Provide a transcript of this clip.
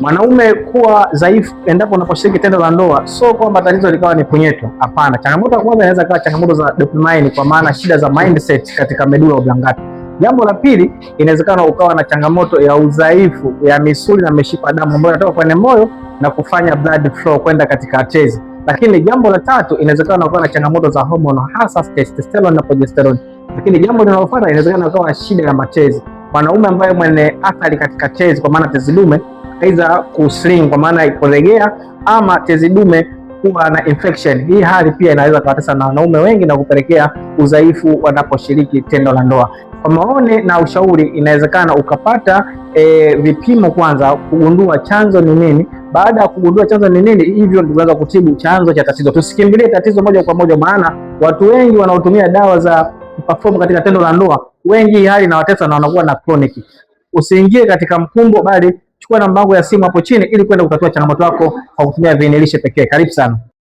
Mwanaume kuwa dhaifu endapo unaposhiriki tendo la ndoa, sio kwamba tatizo likawa ni punyeto. Hapana, changamoto ya kwanza inaweza kuwa changamoto za dopamine, kwa maana shida za mindset katika medulla oblongata. Jambo la pili, inawezekana ukawa na changamoto ya udhaifu ya misuli na mishipa damu ambayo inatoka kwenye moyo na kufanya blood flow kwenda katika tezi. Lakini jambo la tatu, inawezekana ukawa na changamoto za hormone, hasa testosterone na progesterone. Lakini jambo linalofuata, inawezekana ukawa na shida ya matezi. Mwanaume ambaye mwenye athari katika tezi, kwa maana tezi dume aidha kusling kwa maana ipolegea ama tezi dume kuwa na infection. Hii hali pia inaweza kuwatesa na wanaume wengi na kupelekea udhaifu wanaposhiriki tendo la ndoa. Kwa maone na ushauri, inawezekana ukapata e, vipimo kwanza kugundua chanzo ni nini. Baada ya kugundua chanzo ni nini, hivyo ndio unaweza kutibu chanzo cha tatizo. Tusikimbilie tatizo moja kwa moja, maana watu wengi wanaotumia dawa za perform katika tendo la ndoa, wengi hali inawatesa na wanakuwa na chronic. Usiingie katika mkumbo, bali chukua namba yangu ya simu hapo chini ili kwenda kutatua changamoto yako kwa kutumia viini pekee. Karibu sana.